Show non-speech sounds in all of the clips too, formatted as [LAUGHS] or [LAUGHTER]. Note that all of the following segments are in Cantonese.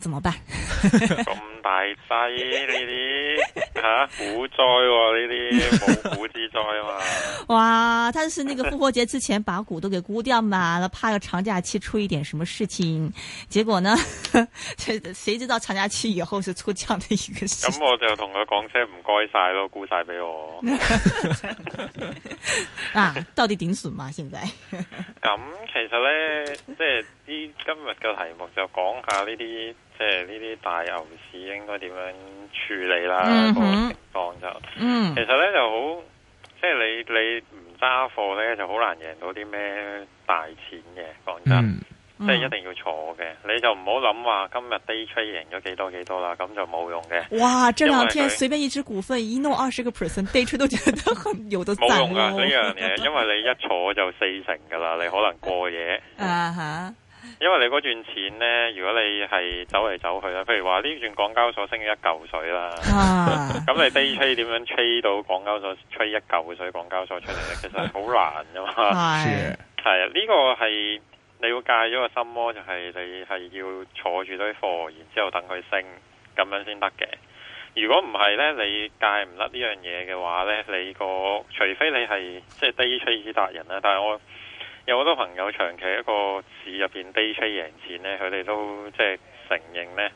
怎麼辦？咁 [LAUGHS] 大劑呢啲吓，股災喎呢啲，冇股之災啊嘛。 [LAUGHS] 哇！他是那個復活節之前把股都給沽掉嘛，了怕個長假期出一點什麼事情，結果呢，誰誰知道長假期以後是出這樣的一個事情。咁我就同佢講聲唔該晒咯，沽晒俾我。啊，到底點算嘛？現在咁其實咧，即係呢今日嘅題目就講下呢啲，即係呢啲大牛市應該點樣處理啦？個情況就，嗯，其實咧就好。嗯即係你你唔揸貨咧，就好難贏到啲咩大錢嘅，講真，嗯，即係一定要坐嘅，嗯。你就唔好諗話今日 Daytrade 贏咗幾多幾多啦，咁就冇用嘅。哇，這兩天隨便一支股份一弄二十個 percent d 低出都覺得很有得賺。冇用噶呢樣嘢， [LAUGHS] 因為你一坐就四成噶啦，你可能過夜。啊、 [LAUGHS] 嗯 uh -huh. 因為你嗰轉錢呢，如果你係走嚟走去啦，譬如話呢轉港交所升一嚿水啦，咁、啊、 [LAUGHS] 你低吹點樣吹到港交所吹一嚿水？港交所出嚟呢？其實好難噶嘛。係係啊，呢、這個係你要戒咗個心魔、就是，就係你係要坐住堆貨，然之後等佢升，咁樣先得嘅。如果唔係呢，你戒唔甩呢樣嘢嘅話呢，你個除非你係即係低吹之達人啦，但係我。有好多朋友長期一個市入邊 day trade 贏錢咧，佢哋都即係承認咧，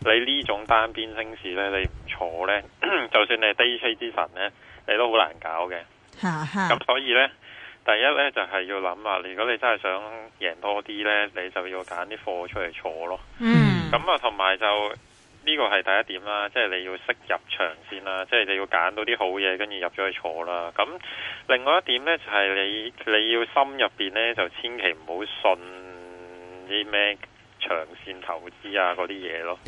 你呢種單邊升市咧，你唔坐咧，就算你係 day trade 之神咧，你都好難搞嘅。咁 [LAUGHS] 所以咧，第一咧就係、是、要諗啊，如果你真係想贏多啲咧，你就要揀啲貨出嚟坐咯。嗯。咁啊，同埋就。呢個係第一點啦，即係你要識入場先啦，即係你要揀到啲好嘢，跟住入咗去坐啦。咁另外一點呢，就係你你要心入邊呢，就千祈唔好信啲咩長線投資啊，嗰啲嘢咯，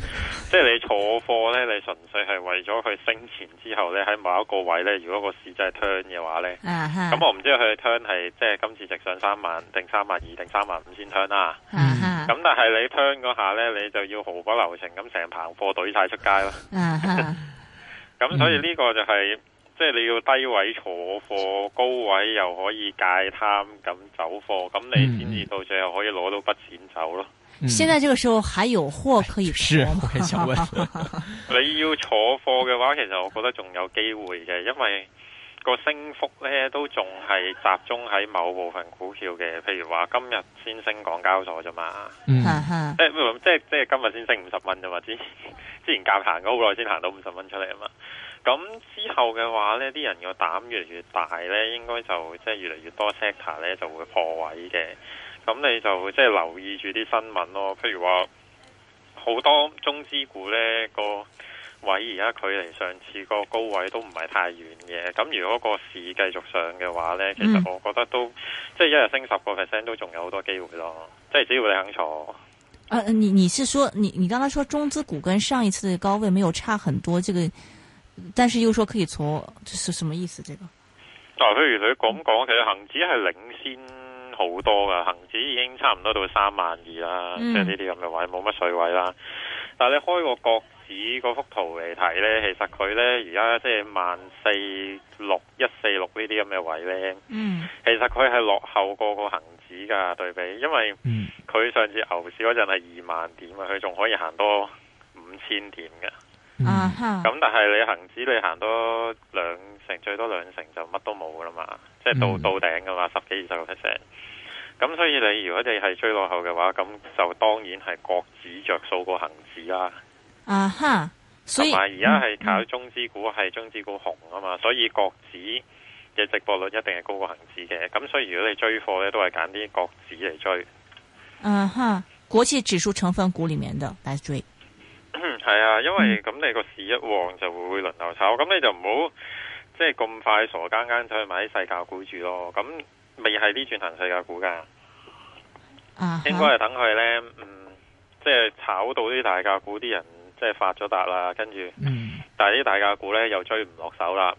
即係你坐貨呢，你純粹係為咗佢升前之後咧，喺某一個位呢，如果個市真係 turn 嘅話呢，咁、uh -huh. 嗯、我唔知道佢 turn 係即係今次直上三萬定三萬二定三萬五先 turn 啊，咁、uh -huh. 嗯、但係你 turn 嗰下呢，你就要毫不留情咁成棚貨懟晒出街啦，咁、uh -huh. [LAUGHS] 所以呢個就係、是、即係你要低位坐貨，高位又可以戒貪咁走貨，咁你先至到最後可以攞到筆錢走咯。Uh -huh. 嗯、現在這個時候還有貨可以試，我想問 [LAUGHS] [LAUGHS] 你要坐貨嘅話，其實我覺得仲有機會嘅，因為個升幅咧都仲係集中喺某部分股票嘅，譬如話今日先升港交所啫嘛。嗯嗯。誒、 [LAUGHS] 欸，即係即係今日先升五十蚊啫嘛，之之前夾行咗好耐先行到五十蚊出嚟啊嘛。咁之後嘅話咧，啲人個膽越嚟越大咧，應該就即係越嚟越多 sector 咧就會破位嘅。咁你就即係，就是，留意住啲新聞咯，譬如話好多中資股咧個位而家距離上次個高位都唔係太遠嘅，咁如果個市繼續上嘅話咧，其實我覺得都、嗯、即係一日升十個 percent 都仲有好多機會咯，即係只要你肯坐。啊，你你是說你你剛才說中資股跟上一次嘅高位沒有差很多，這個，但是又說可以坐，這是什麼意思？這個？啊，譬如佢咁講，其實恒指係領先。好多噶，恒指已經差唔多到三萬二啦、嗯，即係呢啲咁嘅位冇乜水位啦。但係你開個國指嗰幅圖嚟睇呢，其實佢呢而家即係萬四六一四六呢啲咁嘅位呢，嗯、其實佢係落後過個恒指噶，對比，因為佢上次牛市嗰陣係二萬點啊，佢仲可以行多五千點嘅。嗯，咁、嗯、但係你恒指你行多兩成，最多兩成就乜都冇啦嘛，即係到、嗯、到頂噶嘛，十幾二十個 percent。咁所以你如果你係追落後嘅話，咁就當然係國指着數過恒指啦、啊。啊，哈，同埋而家係靠中資股，係、嗯、中資股紅啊嘛，所以國指嘅直播率一定係高過恒指嘅。咁所以如果你追貨咧，都係揀啲國指嚟追。嗯，哈，國際指數成分股裏面嘅嚟追。係啊， [NOISE] 因為咁你個市一旺就會輪流炒，咁你就唔好即係咁快傻更更走去買啲細價股住咯。咁未係呢轉行細價股噶，uh -huh. 應該係等佢呢，嗯，即、就、係、是、炒到啲大價股啲人即係、就是、發咗達啦，跟住，mm. 但係啲大價股呢又追唔落手啦，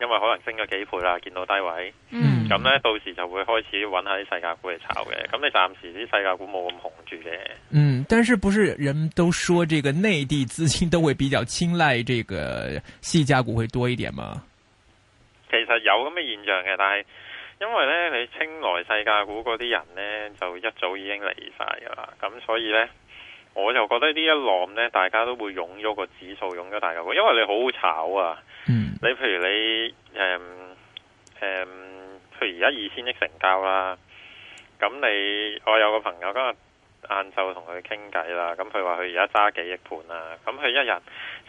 因為可能升咗幾倍啦，見到低位。Mm. 咁咧，到時就會開始揾下啲世界股嚟炒嘅。咁你暫時啲世界股冇咁紅住嘅。嗯，但是不是人都說，這個內地資金都會比較青睞這個細價股會多一點嘛？其實有咁嘅現象嘅，但係因為咧，你青睞細價股嗰啲人咧，就一早已經嚟晒噶啦。咁所以咧，我就覺得呢一浪咧，大家都會湧咗個指數，湧咗大舊股，因為你好好炒啊。嗯。你譬如你，誒、嗯，誒、嗯。譬如而家二千億成交啦，咁你我有個朋友今日晏晝同佢傾偈啦，咁佢話佢而家揸幾億盤啦，咁佢一日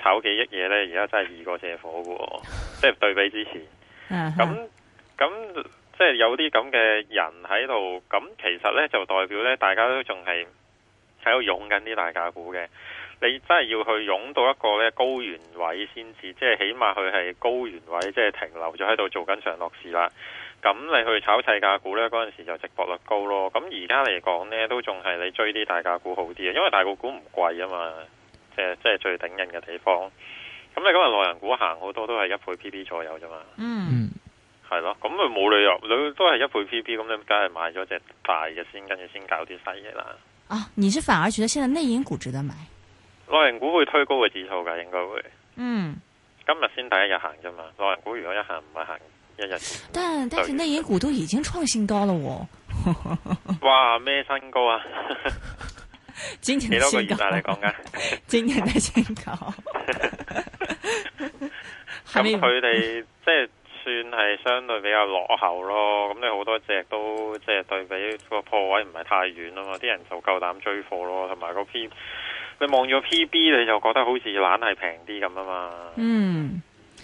炒幾億嘢呢？而家真係易過借火嘅，即係對比之前，咁咁即係有啲咁嘅人喺度，咁其實呢，就代表呢，大家都仲係喺度湧緊啲大價股嘅，你真係要去湧到一個呢高原位先至，即係起碼佢係高原位，即係停留咗喺度做緊上落市啦。咁你去炒細價股咧，嗰陣時就值博率高咯。咁而家嚟講呢，都仲係你追啲大價股好啲啊，因為大個股唔貴啊嘛，即係即係最頂勁嘅地方。咁你今日內銀股行好多都係一倍 P P 左右啫嘛。嗯，係咯。咁佢冇理由，你都係一倍 P P，咁你梗係買咗隻大嘅先，跟住先搞啲細嘅啦。啊，你反而覺得現在內銀股值得買？內銀股會推高個指數㗎，應該會。嗯。今日先第一日行啫嘛，內銀股如果一行唔係行。但但係內銀股都已經創新高了喎！哇 [LAUGHS] 咩新高啊？ [LAUGHS] 今年嘅新高。的 [LAUGHS] 今年嘅新高。咁佢哋即係算係相對比較落後咯。咁 [LAUGHS] 你好多隻都即係對比個破位唔係太遠啊嘛，啲人就夠膽追貨咯。同埋個 P，你望住個 P B 你就覺得好似懶係平啲咁啊嘛。嗯。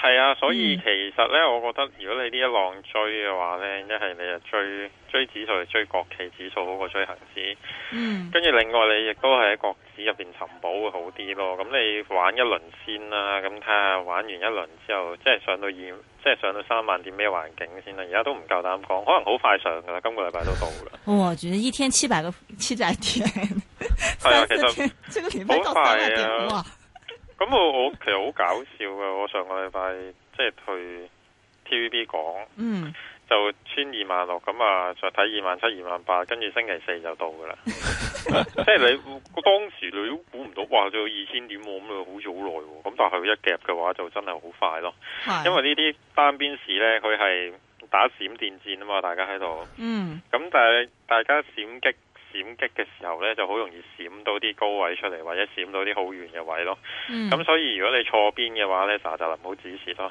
係啊，所以其實咧，我覺得如果你呢一浪追嘅話咧，一係你就追追指數，追國企指數好過追恒指。嗯。跟住另外你亦都係喺國指入邊尋寶會好啲咯。咁你玩一輪先啦、啊，咁睇下玩完一輪之後，即係上到二，即係上到三萬點咩環境先啦。而家都唔夠膽講，可能好快上噶啦，今個禮拜都到啦。哇！即係一天七百個，七百天，三天啊，其實這個禮拜到三萬點咁我好，其實好搞笑嘅，我上個禮拜即係去 T V B 講，mm. 就穿二萬六咁啊，再睇二萬七、二萬八，跟住星期四就到噶啦。 [LAUGHS] [LAUGHS] 即係你當時你都估唔到，哇！仲有二千點喎，咁好似好耐喎。咁但係佢一夾嘅話，就真係好快咯。Yes. 因為呢啲單邊市咧，佢係打閃電戰啊嘛，大家喺度。嗯。咁但係大家閃擊。閃擊嘅時候呢，就好容易閃到啲高位出嚟，或者閃到啲好遠嘅位咯。咁、嗯、所以如果你錯邊嘅話呢，就就唔好指示咯。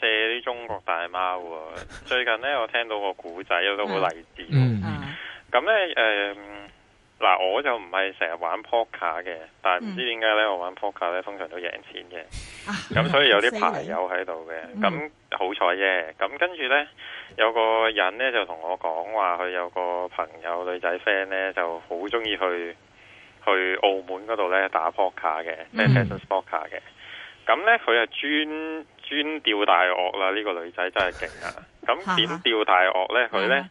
借啲中國大媽喎。哦，最近呢，我聽到個古仔都好勵志。咁 [LAUGHS] [MUSIC] [MUSIC] 呢，誒、呃，嗱我就唔係成日玩 Poker 嘅，但係唔知點解呢，我玩 Poker 咧通常都贏錢嘅。咁 [MUSIC] 所以有啲牌友喺度嘅，咁好彩啫。咁跟住呢，有個人呢，就同我講話，佢有個朋友女仔 friend 呢，就好鍾意去去澳門嗰度呢打 Poker 嘅，即係賭 Poker 嘅。咁呢，佢係、 [MUSIC] 就是、 [MUSIC] 專專釣大鱷啦！呢、這個女仔真係勁啊！咁點釣大鱷呢？佢、嗯就是啊就是、呢，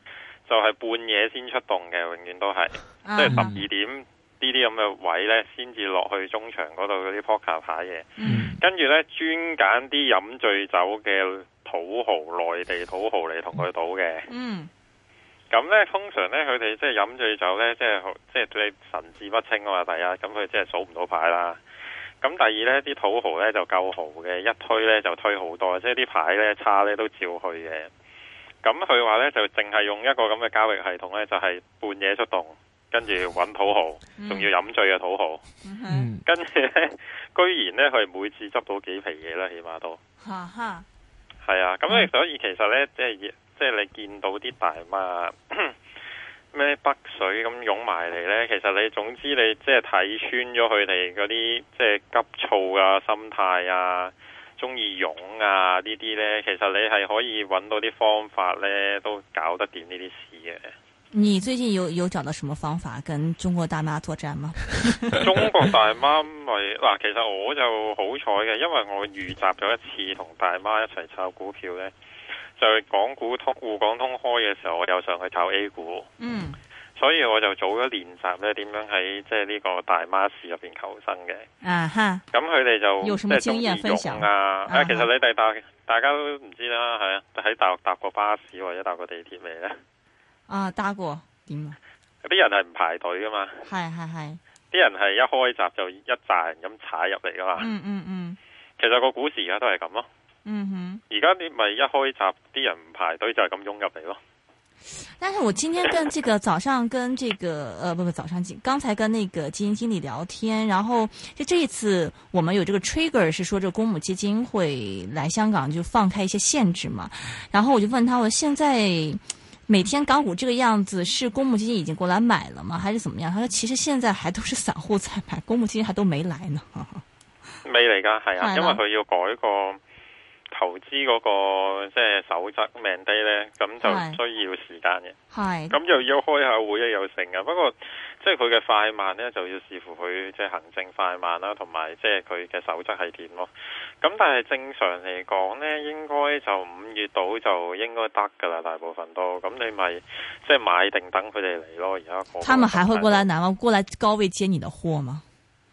就係半夜先出動嘅，永遠都係即係十二點呢啲咁嘅位呢，先至落去中場嗰度嗰啲撲克牌嘅。跟住呢，專揀啲飲醉酒嘅土豪、內地土豪嚟同佢賭嘅。咁、嗯、呢，通常呢，佢哋即係飲醉酒呢，即係即係對你神志不清啊嘛，第一咁佢即係數唔到牌啦。咁第二呢啲土豪呢就夠豪嘅，一推呢就推好多，即係啲牌呢差呢都照去嘅。咁佢話呢就淨係用一個咁嘅交易系統呢，就係、是、半夜出動，跟住搵土豪，仲要飲醉嘅土豪，跟、嗯、住呢，居然呢，佢每次執到幾皮嘢啦，起碼都係係啊，咁、嗯、所以其實呢，即係即係你見到啲大媽。 [COUGHS] 咩北水咁湧埋嚟呢？其實你總之你即係睇穿咗佢哋嗰啲即係急躁啊心態啊，中意湧啊呢啲、啊、呢。其實你係可以揾到啲方法呢，都搞得掂呢啲事嘅。你最近有有找到什麼方法跟中國大媽作戰嗎？ [LAUGHS] 中國大媽咪嗱，其實我就好彩嘅，因為我預習咗一次同大媽一齊炒股票呢。係港股通、滬港通開嘅時候，我又上去炒 A 股。嗯，所以我就做咗練習咧，點樣喺即係呢個大巴士入邊求生嘅。嗯、啊、哈！咁佢哋就有咩麼經驗分享啊，啊？其實你哋搭大，大家都唔知啦，係啊？喺大陸搭、啊、搭過巴士或者搭過地鐵未咧？啊，搭過點啊？啲人係唔排隊噶嘛？係係係。啲人係一開閘就一扎咁踩入嚟噶嘛？嗯嗯嗯。其實個股市而家都係咁咯。嗯哼，而家你咪一開閘，啲人排隊就係咁湧入嚟咯。但是，我今天跟這個早上跟這個，呃，不不，早上剛才跟那個基金經理聊天，然後就這一次，我們有這個 trigger 是說，這個公募基金會來香港就放開一些限制嘛。然後我就問他，我現在每天港股這個樣子，是公募基金已經過來買了嗎，還是怎麼樣？他說，其實現在還都是散戶在買，公募基金還都沒來呢。未嚟㗎，係啊，因為佢要改個。投資嗰個即係守則，命低呢，咁就需要時間嘅。係咁又要開一下會，有成嘅。不過即係佢嘅快慢呢，就要視乎佢即係行政快慢啦，同埋即係佢嘅守則係點咯。咁但係正常嚟講呢，應該就五月度就應該得㗎喇。大部分都咁，你咪即係買定等佢哋嚟咯。而家他們還會過來拿嗎？過來高位接你的貨嗎？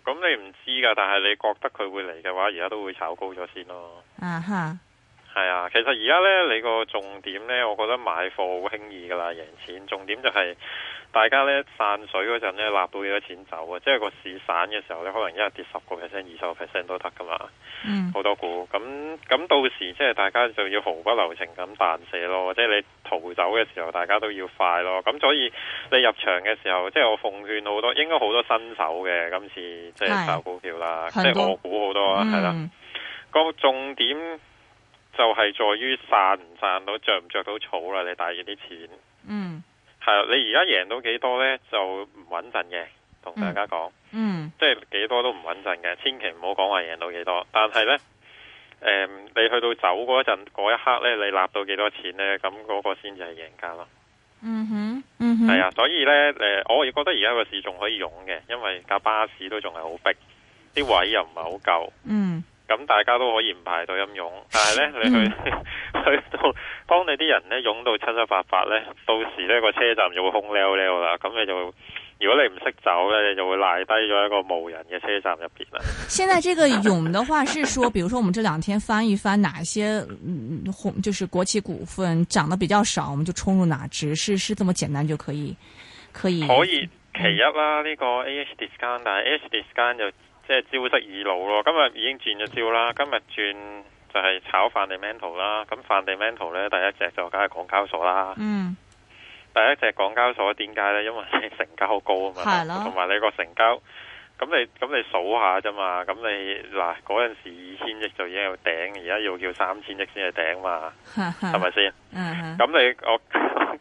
咁你唔知㗎，但係你覺得佢會嚟嘅話，而家都會炒高咗先咯。啊、uh、係 -huh. 啊，其實而家咧，你個重點咧，我覺得買貨好輕易噶啦，贏錢。重點就係大家咧散水嗰陣咧，納到幾多錢走啊，即係個市散嘅時候咧，你可能一日跌十個 percent、二十個 percent 都得噶嘛。好、嗯、多股，咁咁到時即係大家就要毫不留情咁彈射咯，即係你逃走嘅時候，大家都要快咯。咁所以你入場嘅時候，即係我奉勸好多，應該好多新手嘅今次即係炒股票啦，即係我估好多係啦。嗯個重點就係在於散唔散到，着唔着到草啦。你帶住啲錢，嗯，係啦。你而家贏到幾多少呢？就唔穩陣嘅。同大家講、嗯，嗯，即係幾多少都唔穩陣嘅。千祈唔好講話贏到幾多少。但係呢，誒、嗯，你去到走嗰陣嗰一刻呢，你納到幾多少錢呢？咁、那、嗰個先至係贏家咯。嗯哼，係、嗯、啊。所以呢，誒，我亦覺得而家個市仲可以湧嘅，因為架巴士都仲係好逼，啲位置又唔係好夠。嗯。咁大家都可以唔排隊咁擁，但係咧，你去、嗯、去到幫你啲人咧擁到七七八八咧，到時呢個車站就會空溜溜啦。咁你就如果你唔識走咧，你就會賴低咗一個無人嘅車站入邊啦。現在這個擁的話，是說， [LAUGHS] 比如說，我們這兩天翻一翻， [LAUGHS] 哪一些紅，就是國企股份漲得比較少，我們就衝入哪隻，是是這麼簡單就可以可以。可以其一啦，呢、嗯這個 AH discount，但係 H、AH、discount 就。即係招式二路咯，今日已經轉咗招啦。今日轉就係炒 fundamental 啦。咁 fundamental 咧，第一隻就梗係港交所啦。嗯，第一隻港交所點解咧？因為你成交好高啊嘛。係咯。同埋你個成交，咁你咁你數下啫嘛。咁你嗱嗰陣時二千億就已經有頂，而家要叫三千億先係頂嘛。係咪先？嗯。 [LAUGHS] [LAUGHS] 咁你我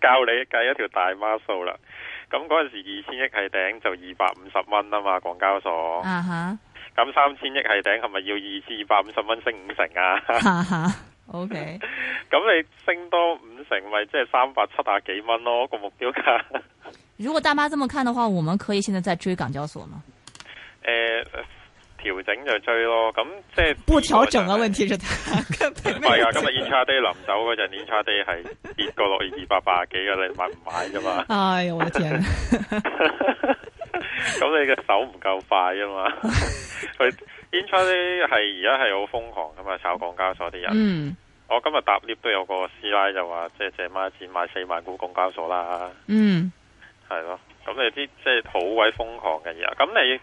教你計一條大孖數啦。咁嗰陣時二千億係頂就二百五十蚊啊嘛，港交所。咁三千億係頂係咪要二千二百五十蚊升五成啊、uh -huh.？OK，咁 [LAUGHS] 你升多五成咪即係三百七啊幾蚊咯，這個目標價。如果大媽咁樣看的話，我們可以現在再追港交所嗎？呃調整就追咯，咁即係。不調整啊，問題就大。本係啊。今日 intraday 臨走嗰陣，intraday 係跌過落二百八十幾啊， [LAUGHS] 你買唔買啫嘛？哎呀，我天、啊！咁 [LAUGHS] [LAUGHS] 你嘅手唔夠快啊嘛？佢 intraday 係而家係好瘋狂噶嘛？炒港交所啲人，嗯，我今日搭 lift 都有個師奶就話，即係借孖錢買四萬股港交所啦，嗯，係咯，咁你啲即係好鬼瘋狂嘅嘢，咁你。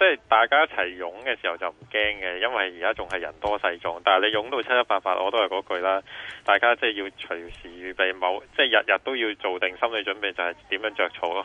即係大家一齊湧嘅時候就唔驚嘅，因為而家仲係人多勢眾。但係你湧到七七八八，我都係嗰句啦。大家即係要隨時預備冇，即係日日都要做定心理準備就，就係點樣着草咯。